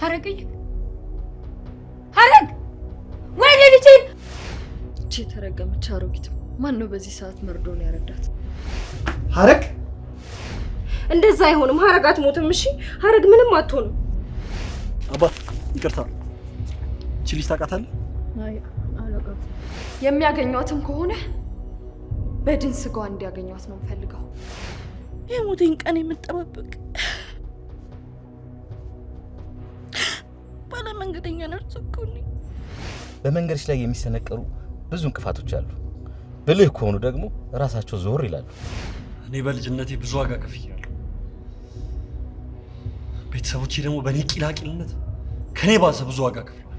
ሐረግዬ ሐረግ ወይኔ ልጄን! እቺ የተረገመች አሮጊት ማን ነው በዚህ ሰዓት መርዶ ያረዳት? ሀረግ እንደዛ አይሆንም። ሀረግ አትሞትም። እሺ ሀረግ ምንም አትሆንም። አባ ይቅርታ፣ እቺ ልጅ ታውቃታለህ? የሚያገኟትም ከሆነ በድን ስጋዋ እንዲያገኟት ነው የምፈልገው። የሞቴን ቀን የምጠባበቅ መንገደኛ ነርሱ እኮ በመንገድሽ ላይ የሚሰነቀሩ ብዙ እንቅፋቶች አሉ። ብልህ ከሆኑ ደግሞ ራሳቸው ዞር ይላሉ። እኔ በልጅነቴ ብዙ ዋጋ ከፍያለሁ። ቤተሰቦቼ ደግሞ በእኔ ቂላቂልነት ከኔ ባሰ ብዙ ዋጋ ከፍያለሁ።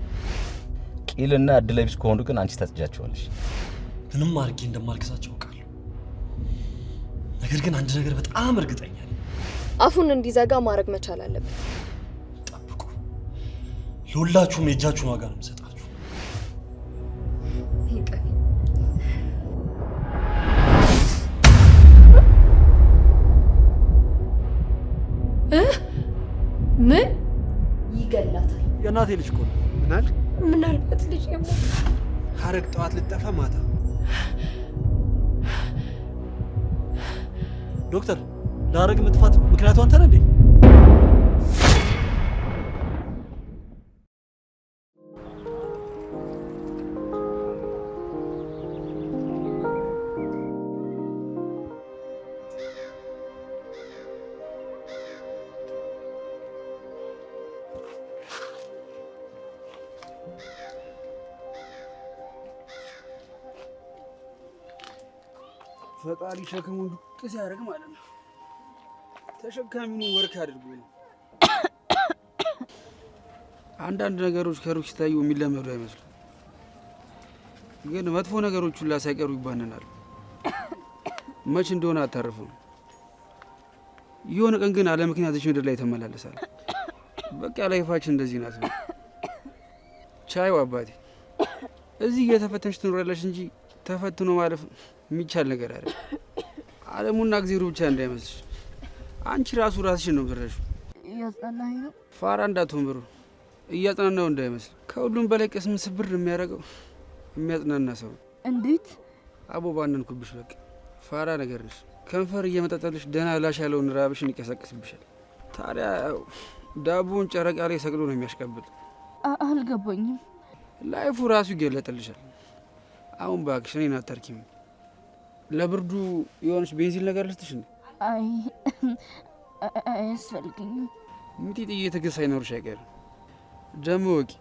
ቂልና እድለቢስ ከሆኑ ግን አንቺ ታጥጃቸዋለሽ። ምንም አድርጌ እንደማልከሳቸው አውቃለሁ። ነገር ግን አንድ ነገር በጣም እርግጠኛ ነኝ፣ አፉን እንዲዘጋ ማድረግ መቻል አለብን። ለሁላችሁም የእጃችሁን ዋጋ ነው የምሰጣችሁ። ምን ይገላታል? የእናቴ ልጅ እኮ ምናል ምናልባት ልጅ የሞት ሀረግ ጠዋት ልጠፋ ማታ ዶክተር ለሀረግ መጥፋት ምክንያቱ አንተ ነህ እንዴ? ፈጣሪ ሸክሙን ዱቅ ሲያደርግ ማለት ነው። ተሸካሚውን ወርክ አድርጎ ነው። አንዳንድ ነገሮች ከሩቅ ሲታዩ የሚለመዱ አይመስሉም፣ ግን መጥፎ ነገሮች ሁላ ሳይቀሩ ይባንናል መች እንደሆነ አታርፍም። የሆነ ቀን ግን አለ ምክንያት ምድር ላይ ተመላለሳል። በቃ ላይፋችን እንደዚህ ናት። ቻዩ አባቴ፣ እዚህ እየተፈተንሽ ትኖራለሽ እንጂ ተፈትኖ ማለፍ የሚቻል ነገር አይደል። አለሙና እግዜሩ ብቻ እንዳይመስልሽ፣ አንቺ ራሱ ራስሽን ነው ብረሹ። ነው። ፋራ እንዳትሆን ብሩ፣ እያጽናናው እንዳይመስል። ከሁሉም በላይ ቀስም ስብር የሚያደርገው የሚያጽናና ሰው። እንዴት አቦ ባነንኩብሽ። በቃ ፋራ ነገር ነሽ። ከንፈር እየመጠጠልሽ ደህና ላሽ ያለውን ራብሽን ይቀሰቅስብሻል። ታዲያ ዳቦውን ጨረቃ ላይ ሰቅሎ ነው የሚያሽቀብል። አልገባኝም። ላይፉ ራሱ ይገለጥልሻል። አሁን እባክሽ እኔን አታርኪም። ለብርዱ የሆነች ቤንዚን ነገር ልስጥሽ እንዴ? አይ አያስፈልገኝም። ሚጢጥዬ ትዕግስት ሳይኖርሽ አይቀርም። ደግሞ ወቂ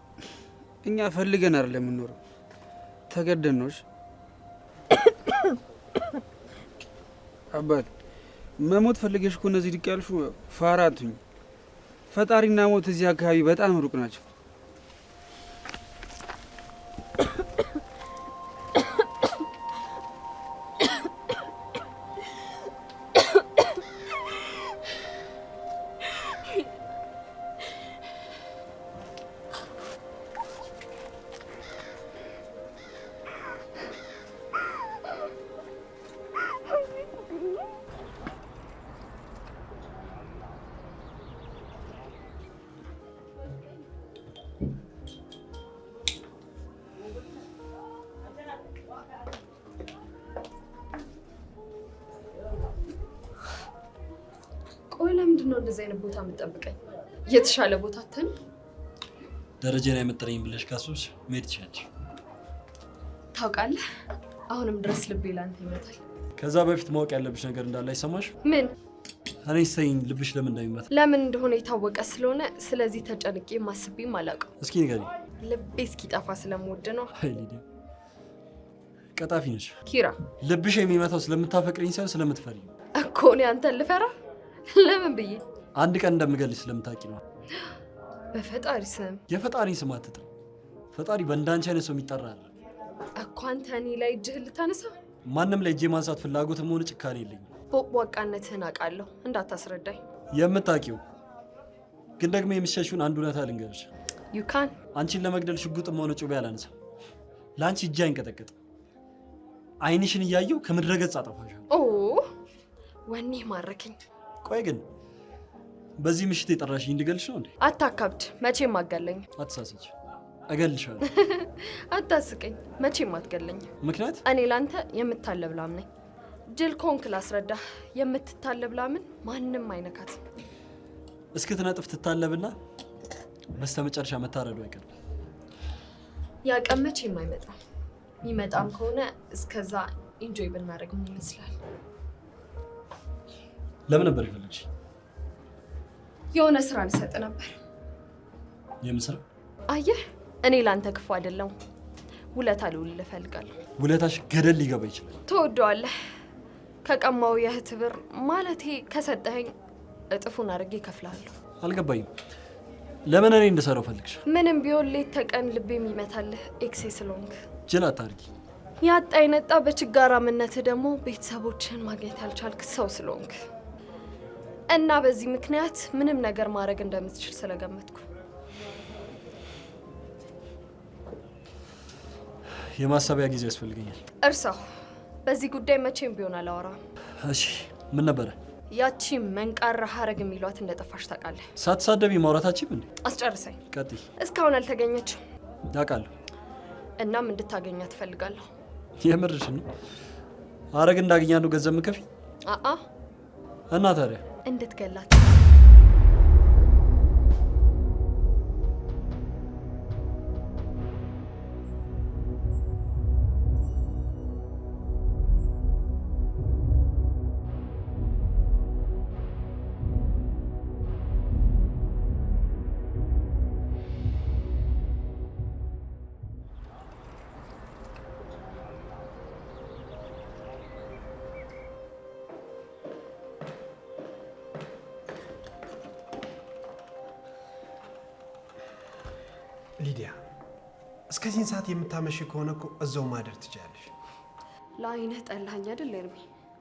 እኛ ፈልገን አይደለም የምንኖረው፣ ተገደን ነው። አባት መሞት ፈልገሽ እኮ እነዚህ ድቅ ያልሹ ፋራቱኝ። ፈጣሪና ሞት እዚህ አካባቢ በጣም ሩቅ ናቸው። ለምንድን ነው እንደዚህ አይነት ቦታ የምጠብቀኝ? የተሻለ ቦታ አተን ደረጃ ላይ መጠረኝ ብለሽ ካሶች መሄድ ትችላለሽ። ታውቃለህ፣ አሁንም ድረስ ልቤ ላንተ ይመታል። ከዛ በፊት ማወቅ ያለብሽ ነገር እንዳለ አይሰማሽ? ምን እኔ ሰይኝ ልብሽ ለምን እንደሚመታ ለምን እንደሆነ የታወቀ ስለሆነ ስለዚህ ተጨንቄ ማስቤም አላውቅም። እስኪ ንገሪ። ልቤ እስኪጠፋ ስለምወድ ነው። ቀጣፊ ነሽ ኪራ። ልብሽ የሚመታው ስለምታፈቅርኝ ሳይሆን ስለምትፈሪ እኮ። እኔ አንተን ልፈራ ለምን ብዬ አንድ ቀን እንደምገልሽ ስለምታውቂ ነው። በፈጣሪ ስም የፈጣሪ ስም አትጥ ፈጣሪ በእንዳንቺ አይነት ሰው የሚጠራ እኮ። አንተ እኔ ላይ እጅህን ልታነሳ? ማንም ላይ እጄ ማንሳት ፍላጎት ሆነ ጭካኔ የለኝም። ቦቅቧቃነትህን አውቃለሁ፣ እንዳታስረዳኝ። የምታውቂው ግን ደግሞ የምትሸሹን አንድ እውነታ ልንገርሽ። ዩካን አንቺን ለመግደል ሽጉጥ መሆነ ጩቤ አላነሳም። ለአንቺ እጄ አይንቀጠቀጥም። አይንሽን እያየው ከምድረገጽ አጠፋሻል። ወኔህ ማረከኝ። ቆይ ግን በዚህ ምሽት የጠራሽኝ እንድገልሽ ነው እንዴ? አታካብድ። መቼም አትገለኝ። አትሳስች። እገልሻለሁ። አታስቀኝ። መቼም አትገለኝ። ምክንያት እኔ ላንተ የምታለብ ላም ነኝ። ጅል ኮንክ ላስረዳ። የምትታለብ ላምን ማንም አይነካት። እስክትነጥፍ ትታለብና በስተመጨረሻ መታረዱ አይቀርም። ያ ቀን መቼም አይመጣም። የሚመጣም ከሆነ እስከዛ ኢንጆይ ብናደርግ ምን ይመስላል? ለምን ነበር የፈለግሽ? የሆነ ስራ ልሰጥ ነበር። የምን ስራ? አየህ፣ እኔ ላንተ ክፉ አይደለም። ውለታ ልውል እፈልጋለሁ። ውለታሽ ገደል ሊገባ ይችላል። ትወደዋለህ። ከቀማው የእህት ብር ማለቴ ከሰጠኸኝ እጥፉን አድርጌ እከፍልሃለሁ። አልገባኝም። ለምን እኔ እንደሰራው ፈልግሽ? ምንም ቢሆን ሌት ተቀን ልቤ የሚመታልህ ኤክሴ ስለሆንክ ጅል አታርጊ። ያጣ የነጣ በችጋራምነትህ ደግሞ ቤተሰቦችህን ማግኘት ያልቻልክ ሰው ስለሆንክ እና በዚህ ምክንያት ምንም ነገር ማድረግ እንደምትችል ስለገመትኩ የማሰቢያ ጊዜ ያስፈልገኛል። እርሳው። በዚህ ጉዳይ መቼም ቢሆን አላወራም። እሺ፣ ምን ነበረ? ያቺ መንቃራ ሀረግ የሚሏት እንደ ጠፋሽ ታውቃለህ። ሳትሳደቢ ማውራታችን እንዴ? አስጨርሰኝ። ቀጥይ። እስካሁን አልተገኘችም። ያውቃለሁ። እናም እንድታገኛ ትፈልጋለሁ። የምርሽ ነው? ሀረግ እንዳገኛለሁ ገንዘብ ምከፊ። አአ እና ታዲያ እንድትገላት ሊዲያ እስከዚህን ሰዓት የምታመሽ ከሆነ እኮ እዛው ማደር ትችያለሽ። ለአይነህ ጠላኝ አይደል ኤርሚ?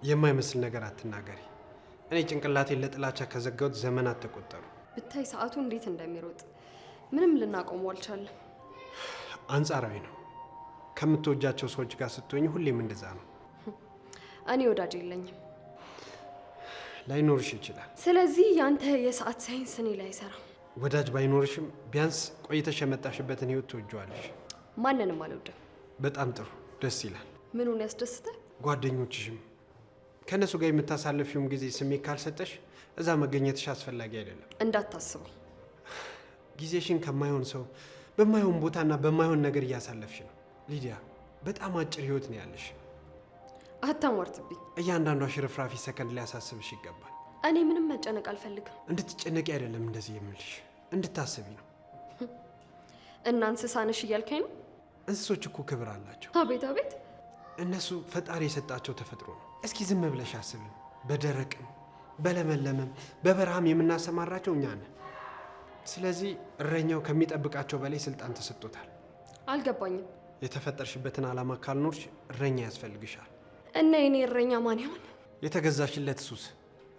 የማይመስል ነገር አትናገሪ። እኔ ጭንቅላቴን ለጥላቻ ከዘጋሁት ዘመናት ተቆጠሩ። ብታይ ሰዓቱ እንዴት እንደሚሮጥ ምንም ልናቆመው አልቻለም። አንጻራዊ ነው። ከምትወጃቸው ሰዎች ጋር ስትሆኝ ሁሌም እንደዛ ነው። እኔ ወዳጅ የለኝም። ላይኖርሽ ይችላል። ስለዚህ ያንተ የሰዓት ሳይንስ እኔ ላይ አይሰራም። ወዳጅ ባይኖርሽም ቢያንስ ቆይተሽ የመጣሽበትን ህይወት ትወጂዋለሽ። ማንንም አልወድም። በጣም ጥሩ፣ ደስ ይላል። ምኑን ያስደስተ? ጓደኞችሽም ከእነሱ ጋር የምታሳልፊውም ጊዜ ስሜት ካልሰጠሽ እዛ መገኘትሽ አስፈላጊ አይደለም። እንዳታስበው። ጊዜሽን ከማይሆን ሰው በማይሆን ቦታና በማይሆን ነገር እያሳለፍሽ ነው ሊዲያ። በጣም አጭር ህይወት ነው ያለሽ። አታሟርትብኝ። እያንዳንዷ ሽርፍራፊ ሰከንድ ሊያሳስብሽ ይገባል። እኔ ምንም መጨነቅ አልፈልግም። እንድትጨነቂ አይደለም እንደዚህ የምልሽ። እንድታስቢ ነው። እና እንስሳ ነሽ እያልከኝ ነው? እንስሶች እኮ ክብር አላቸው። አቤት አቤት! እነሱ ፈጣሪ የሰጣቸው ተፈጥሮ ነው። እስኪ ዝም ብለሽ አስብን። በደረቅም በለመለመም በበረሃም የምናሰማራቸው እኛ ነን። ስለዚህ እረኛው ከሚጠብቃቸው በላይ ስልጣን ተሰጥቶታል። አልገባኝም። የተፈጠርሽበትን ዓላማ ካልኖርሽ እረኛ ያስፈልግሻል። እና የኔ እረኛ ማን ይሆን? የተገዛሽለት ሱስ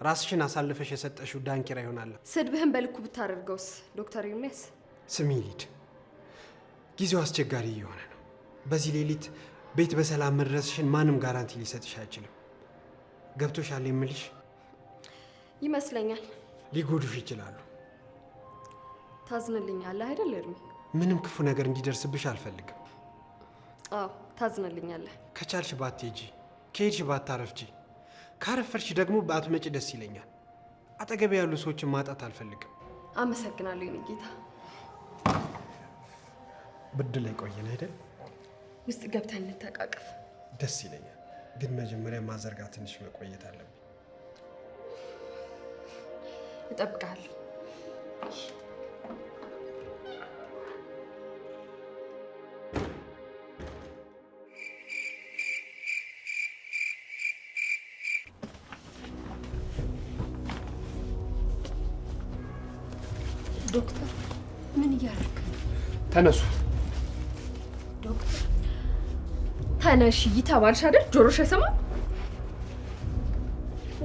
ራስሽን አሳልፈሽ የሰጠሽው ዳንኪራ ይሆናል። ስድብህን በልኩ ብታደርገውስ? ዶክተር ዩሜስ ስሚ ሊድ፣ ጊዜው አስቸጋሪ እየሆነ ነው። በዚህ ሌሊት ቤት በሰላም መድረስሽን ማንም ጋራንቲ ሊሰጥሽ አይችልም። ገብቶሻል የምልሽ ይመስለኛል። ሊጎዱሽ ይችላሉ። ታዝንልኛለህ አይደል ኤርሚ? ምንም ክፉ ነገር እንዲደርስብሽ አልፈልግም። አዎ ታዝንልኛለህ። ከቻልሽ ባትሄጂ፣ ከሄድሽ ባታረፍጂ ካረፈርሽ ደግሞ በአትመጭ ደስ ይለኛል። አጠገብ ያሉ ሰዎችን ማጣት አልፈልግም። አመሰግናለሁ የኔ ጌታ። ብድ ላይ ቆየን አይደል? ውስጥ ገብተን እንተቃቀፍ። ደስ ይለኛል፣ ግን መጀመሪያ ማዘርጋት ትንሽ መቆየት አለብኝ። እጠብቃለሁ። ዶክተር ምን እያደረክ ተነሱ። ዶክተር ተነሺ ተባልሽ አይደል? ጆሮሽ አይሰማም።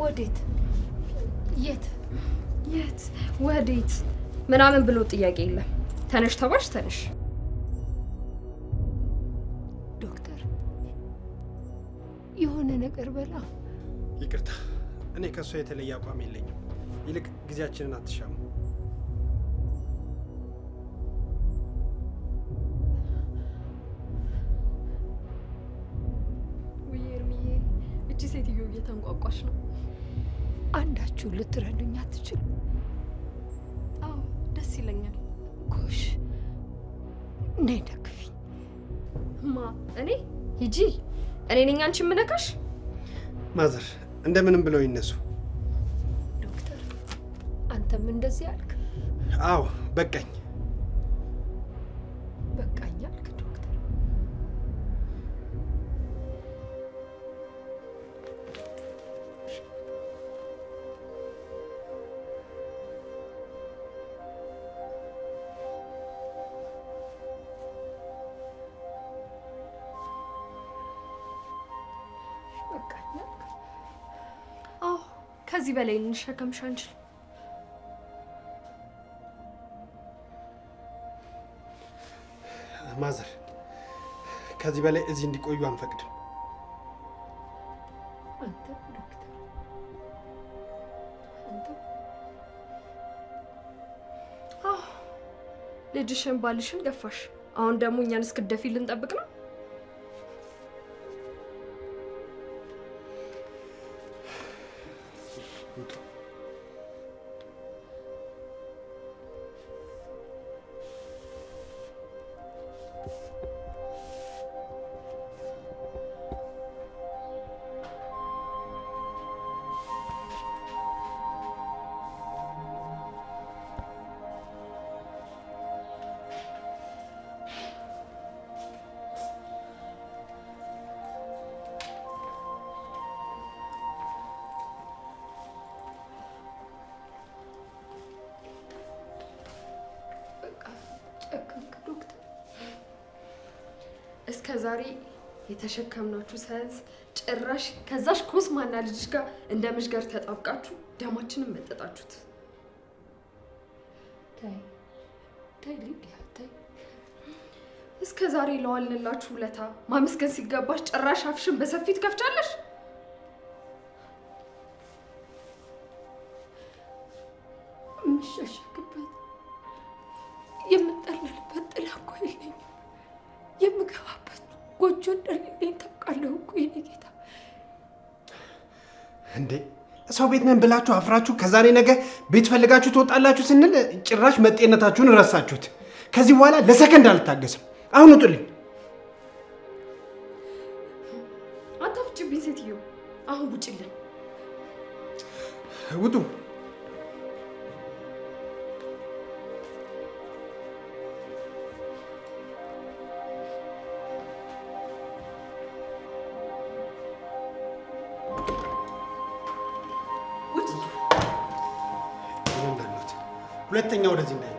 ወዴት? የት? የት? ወዴት? ምናምን ብሎ ጥያቄ የለም። ተነሽ ተባልሽ ተነሽ። ዶክተር የሆነ ነገር በላ። ይቅርታ፣ እኔ ከእሷ የተለየ አቋም የለኝም። ይልቅ ጊዜያችንን አትሻሙ። እቺ ሴትዮ እየተንቋቋሽ ነው። አንዳችሁ ልትረዱኝ አትችሉ? አዎ ደስ ይለኛል። ጎሽ ነይ ደግፊ። ማ እኔ ሂጂ። እኔ ነኝ አንቺን የምነካሽ? ማዘር እንደምንም ብለው ይነሱ። ዶክተር አንተም እንደዚህ አልክ? አዎ በቃኝ። ከዚህ በላይ ልንሸከምሽ አንችል። ማዘር ከዚህ በላይ እዚህ እንዲቆዩ አንፈቅድም። ልጅሽን ባልሽን ገፋሽ። አሁን ደግሞ እኛን እስክደፊ ልንጠብቅ ነው። ዛሬ የተሸከምናችሁ ሳያንስ ጭራሽ ከዛሽ ኮስማና ልጅሽ ጋር እንደ ምሽገር ተጣብቃችሁ ደማችንን መጠጣችሁት። እስከ ዛሬ ለዋልንላችሁ ውለታ ማመስገን ሲገባሽ ጭራሽ አፍሽን በሰፊት ከፍቻለሽ። የምሸሸግበት የምጠለልበት ጥላ እኮ የለኝም። ጎጆ እንዳለኝ ታውቃለሁ እኮ የኔ ጌታ። እንዴ ሰው ቤት ነን ብላችሁ አፍራችሁ ከዛሬ ነገ ቤት ፈልጋችሁ ትወጣላችሁ ስንል ጭራሽ መጤነታችሁን ረሳችሁት። ከዚህ በኋላ ለሰከንድ አልታገስም። አሁን ውጡልኝ። ሁለተኛው ወደዚህ እንዳይ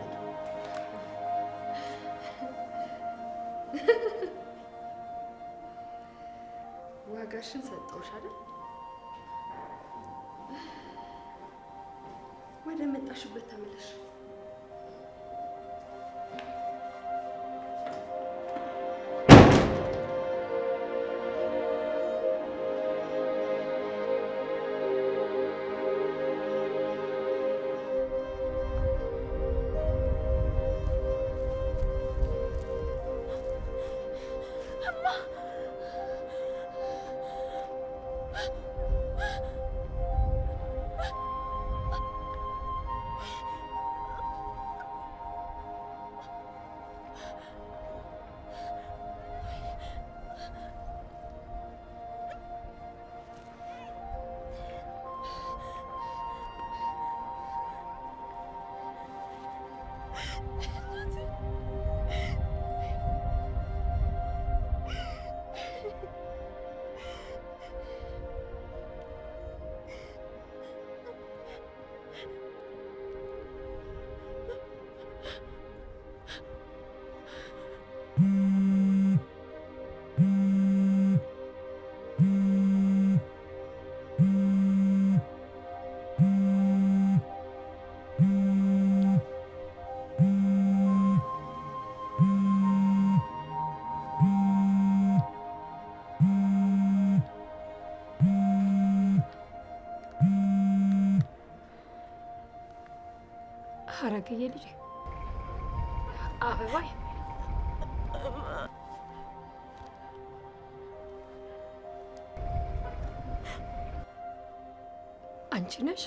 አንቺ ነሽ?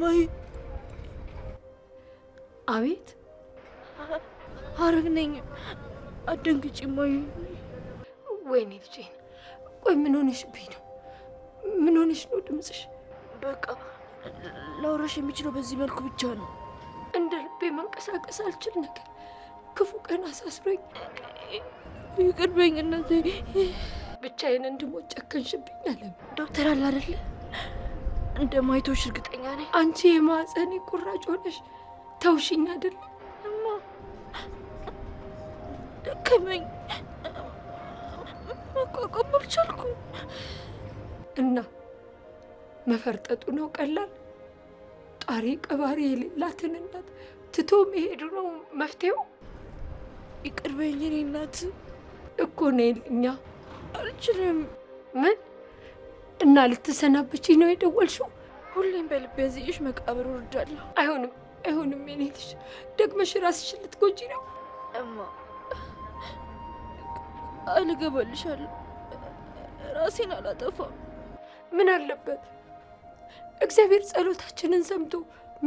ማይ አቤት። ሐረግ ነኝ። አደንግጪ ማይ። ወይኔ ልጄ፣ ቆይ ምን ሆነሽብኝ ነው? ምን ሆነሽ ነው? ድምፅሽ በቃ ላውራሽ የሚችለው በዚህ መልኩ ብቻ ነው። እንደ ልቤ መንቀሳቀስ አልችል ነገር ክፉ ቀን አሳስሮኝ ይቅርበኝ እናቴ፣ ብቻዬን እንድሞት ጨከንሽብኝ አለ ዶክተር አለ አይደለ እንደ ማይቶሽ እርግጠኛ ነኝ። አንቺ የማህፀኔ ቁራጭ ሆነሽ ተውሽኝ አይደለም እማ? ደከመኝ፣ መቋቋም አልቻልኩ እና መፈርጠጡ ነው ቀላል። ጣሪ ቀባሪ የሌላትን እናት ትቶ መሄዱ ነው መፍትሄው። ይቅርበኝ፣ እኔ እናት እኮ ነኝ። እኛ አልችልም። ምን እና ልትሰናበችኝ ነው የደወልሽው? ሁሌም በልቤ እዚሽ መቃብር ወርዳለሁ። አይሆንም፣ አይሆንም የኔ ልጅ ደግመሽ ራስሽን ልትጎጂ ነው። እማ ቃል ራሴን አላጠፋም። ምን አለበት እግዚአብሔር ጸሎታችንን ሰምቶ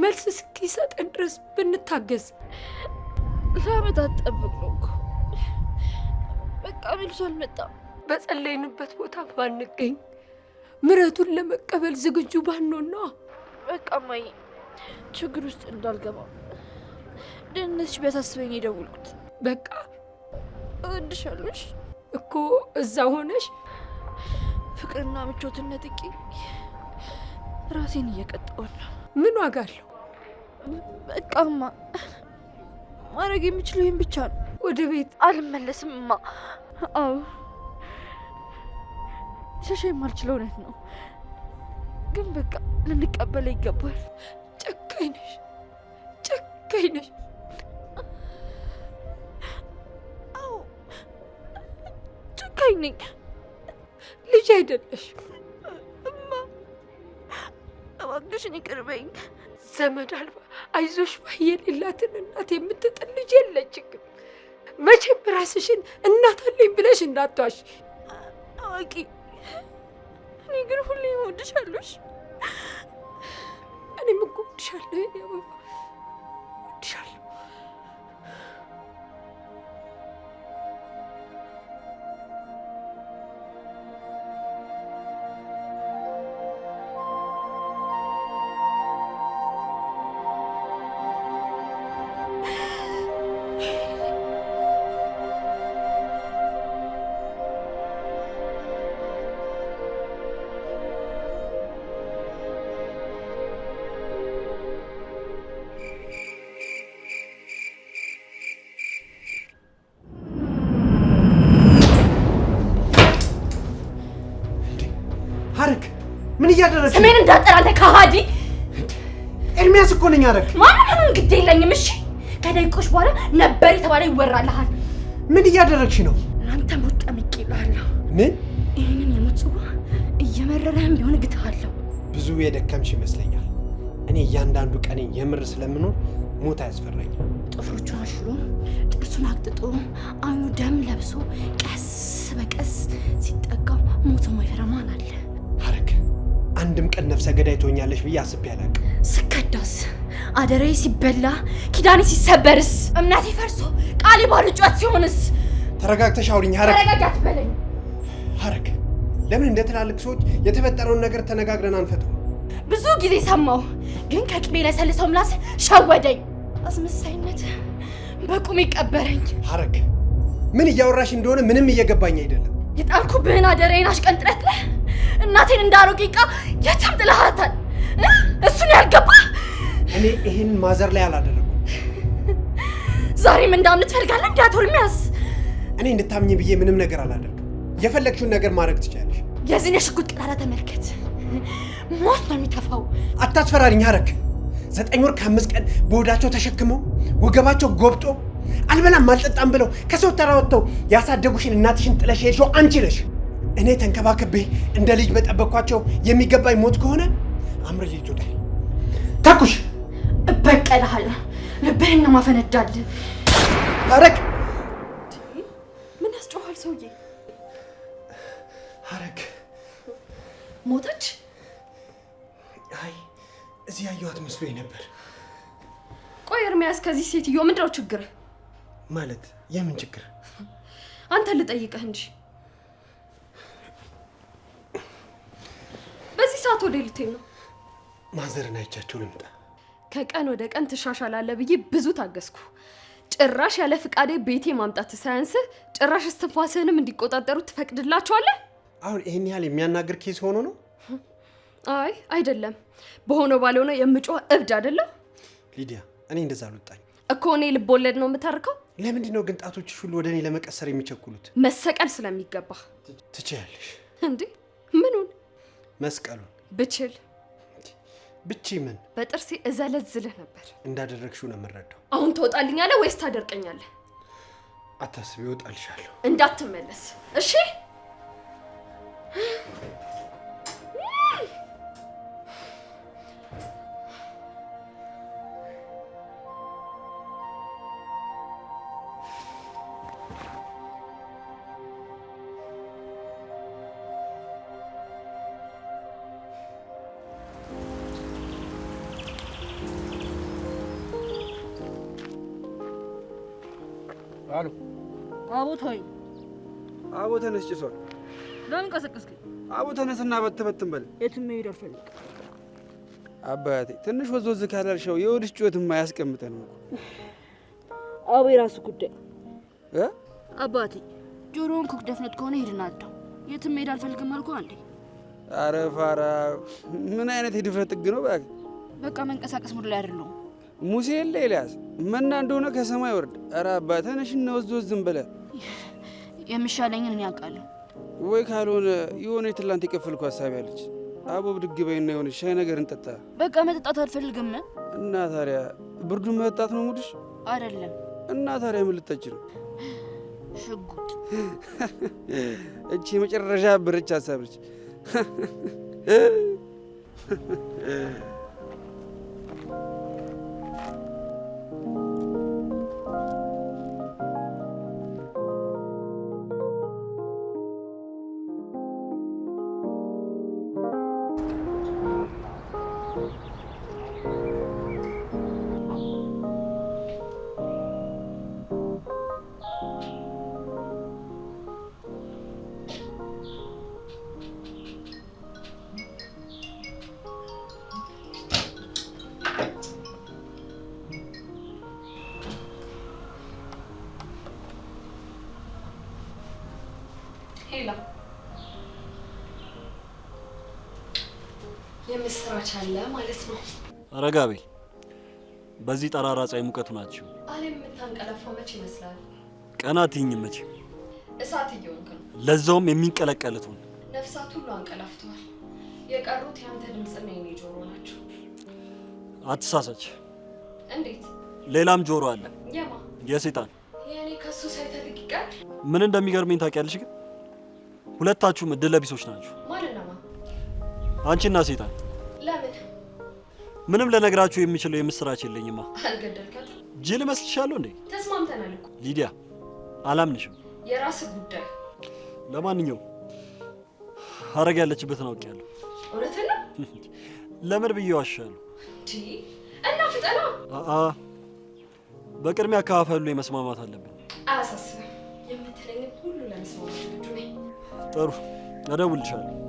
መልስ እስኪሰጠን ድረስ ብንታገዝ። ለአመታት ጠብቅ ነው እኮ በቃ መልሶ አልመጣም። በጸለይንበት ቦታ ባንገኝ ምረቱን ለመቀበል ዝግጁ ባኖና በቃ ማይ ችግር ውስጥ እንዳልገባ ደህንነትሽ ቢያሳስበኝ የደወልኩት። በቃ እወድሻለሽ እኮ እዛ ሆነሽ ፍቅርና ምቾትን ነጥቄ ራሴን እየቀጣሁት ነው። ምን ዋጋ አለው? በቃማ ማድረግ የምችለው ይህን ብቻ ነው። ወደ ቤት አልመለስም ማ አዎ ሸሸ የማልችለው እውነት ነው፣ ግን በቃ ልንቀበለ ይገባል። ጨካኝ ነሽ፣ ጨካኝ ነሽ። አዎ ጨካኝ ነኝ። ልጅ አይደለሽ እማ፣ እባክሽን ይቅርበኝ። ዘመድ አልባ አይዞሽ ባይ የሌላትን እናት የምትጥል ልጅ የለችም። መቼም ራስሽን እናት አለኝ ብለሽ እንዳትዋሽ አዋቂ እኔ ግን ሁሌ እወድሻለሁ። እኔም እኮ እወድሻለሁ። ነኝ አደረግ ማንም ግድ የለኝም። እሺ ከደቂቆች በኋላ ነበር የተባለ ይወራልሃል። ምን እያደረግሽ ነው? አንተ ውጣ ምቅ ይልሃለሁ። ምን ይህንን የሞት ጽዋ እየመረረህም ቢሆን እግትሃለሁ። ብዙ የደከምሽ ይመስለኛል። እኔ እያንዳንዱ ቀኔ የምር ስለምኖር ሞት አያስፈራኝም። ጥፍሮቹ አሽሎ ጥርሱን አቅጥጦ አይኑ ደም ለብሶ ቀስ በቀስ ሲጠጋው ሞት የማይፈራ ማን አለ? አንድም ቀን ነፍሰ ገዳይ ትሆኛለሽ ብዬ አስቤ አላውቅም። ስከዳስ፣ አደራዬ ሲበላ፣ ኪዳኔ ሲሰበርስ፣ እምነቴ ፈርሶ ቃል ባሉ ጩኸት ሲሆንስ? ተረጋግተሽ አውሪኝ ሐረግ። ተረጋጋ ለምን እንደ ትላልቅ ሰዎች የተፈጠረውን ነገር ተነጋግረን አንፈተው? ብዙ ጊዜ ሰማሁ፣ ግን ከቅቤ ለሰልሰው ምላስ ሸወደኝ። አስመሳይነት በቁም ይቀበረኝ። ሀረግ ምን እያወራሽ እንደሆነ ምንም እየገባኝ አይደለም። የጣልኩብህን አደራዬን አሽቀንጥረትለህ እናቴን እንዳሮጌ ዕቃ የትም ጥለሃታል። እሱን ያልገባ እኔ ይህን ማዘር ላይ አላደረኩም። ዛሬም እንዳምን ትፈልጋለህ? እንዲያቶር ሚያስ እኔ እንድታምኝ ብዬ ምንም ነገር አላደርግም። የፈለግሽውን ነገር ማድረግ ትችላለሽ። የዚህን የሽጉጥ ቀዳዳ ተመልከት። ሞት ነው የሚተፋው። አታስፈራሪኝ አረክ። ዘጠኝ ወር ከአምስት ቀን በሆዳቸው ተሸክመው ወገባቸው ጎብጦ አልበላም አልጠጣም ብለው ከሰው ተራ ወጥተው ያሳደጉሽን እናትሽን ጥለሽ ሄድሽው አንቺ ነሽ። እኔ ተንከባከቤ እንደ ልጅ በጠበቅኳቸው የሚገባኝ ሞት ከሆነ አምር ልጅ ወዳይ ተኩሽ እበቀልሃለሁ። ልብህን ነው ማፈነዳልህ። ሐረግ ምን ያስጮኋል? ሰውዬ ሐረግ ሞተች። አይ እዚህ ያየኋት መስሎኝ ነበር። ቆይ እርሚያስ፣ ከዚህ ሴትዮ ምንድነው ችግር? ማለት የምን ችግር? አንተ ልጠይቀህ እንጂ ሰዓት ወደ ልቴ ነው? ማዘርን አይቻቸው ልምጣ። ከቀን ወደ ቀን ትሻሻላለ ብዬ ብዙ ታገስኩ። ጭራሽ ያለ ፍቃዴ ቤቴ ማምጣት ሳያንስ ጭራሽ እስትንፋስህንም እንዲቆጣጠሩ ትፈቅድላቸዋለህ። አሁን ይህን ያህል የሚያናግር ኬስ ሆኖ ነው? አይ አይደለም፣ በሆነው ባልሆነ የምጮህ እብድ አይደለም። ሊዲያ፣ እኔ እንደዛ አልወጣኝ እኮ። እኔ ልቦለድ ነው የምታርከው። ለምንድን ነው ግን ጣቶችሽ ሁሉ ወደ እኔ ለመቀሰር የሚቸኩሉት? መሰቀል ስለሚገባ። ትችያለሽ። እንዴ? ምኑን? መስቀሉን ብችል ብቻ ምን በጥርሴ እዘለዝልህ ነበር። እንዳደረግሽው ነው የምረዳው። አሁን ትወጣልኛለህ ወይስ ታደርቀኛለህ? አታስቢ፣ እወጣልሻለሁ። እንዳትመለስ እሺ። ተነስ ጭሷል። ለምን ቀሰቀስከኝ? አቦ ተነስና በትበትን በል። የትም መሄድ አልፈልግም። አባቴ ትንሽ ወዝ ወዝ ካላልሻው የወድሽ ጩኸትም አያስቀምጠን ነው። አቦ የራሱ ጉዳይ አባቴ። ጆሮን ኩክ ደፍነት ከሆነ ሂድና አዳው። የትም መሄድ አልፈልግም አልኩ አንዴ። አረ ፋራ፣ ምን አይነት የድፍረት ጥግ ነው? እባክህ በቃ መንቀሳቀስ ሙድ ላይ አይደለሁም። ሙሴ የለ ኤልያስ መና እንደሆነ ከሰማይ ወርድ። አረ አባ ተነሽና ወዝ ወዝም በለ የሚሻለኝን እኔ አውቃለሁ። ወይ ካልሆነ የሆነ የትላንት የከፈልኩ ሀሳብ ያለች አቦ ብድግ በይና የሆነ ሻይ ነገር እንጠጣ። በቃ መጠጣት አልፈልግም። እና ታዲያ ብርዱን መጠጣት ነው ሙድሽ? አይደለም። እና ታዲያ ምን ልጠጭ ነው? ሽጉጥ። እቺ የመጨረሻ ብርች ሀሳብ ነች። አለ ማለት ነው። አረጋቢ በዚህ ጠራራ ፀሐይ ሙቀት ናቸው። ዓለም የምታንቀላፋው መች ይመስላል? ቀናት ይኝ መች እሳት እየሆንክ ነው። ለዛውም የሚንቀለቀልቱን ነፍሳት ሁሉ አንቀላፍተዋል። የቀሩት ያንተ ድምፅና የኔ ጆሮ ናቸው። አትሳሳች። እንዴት? ሌላም ጆሮ አለ። የማ? የሴጣን። የኔ ከሱ ሳይተልቅ ይቀር። ምን እንደሚገርመኝ ታውቂያለሽ? ግን ሁለታችሁም እድለቢሶች ናችሁ። ማለት ነው አንቺና ሴጣን ምንም ለነግራችሁ የሚችለው የምስራች የለኝማ። አልገደልካትም። ጅል እመስልሻለሁ እንዴ? ተስማምተናል እኮ ሊዲያ። አላምንሽም። የራስ ጉዳይ። ለማንኛውም ሀረግ ያለችበትን አውቄያለሁ። እውነት ነው። ለምን ብዬ ዋሻለሁ? እና ፍጠና። በቅድሚያ አካፋፈሉ ላይ መስማማት አለብን። አያሳስብም። የምትለኝ ሁሉ ለመስማማት ጥሩ። እደውልልሻለሁ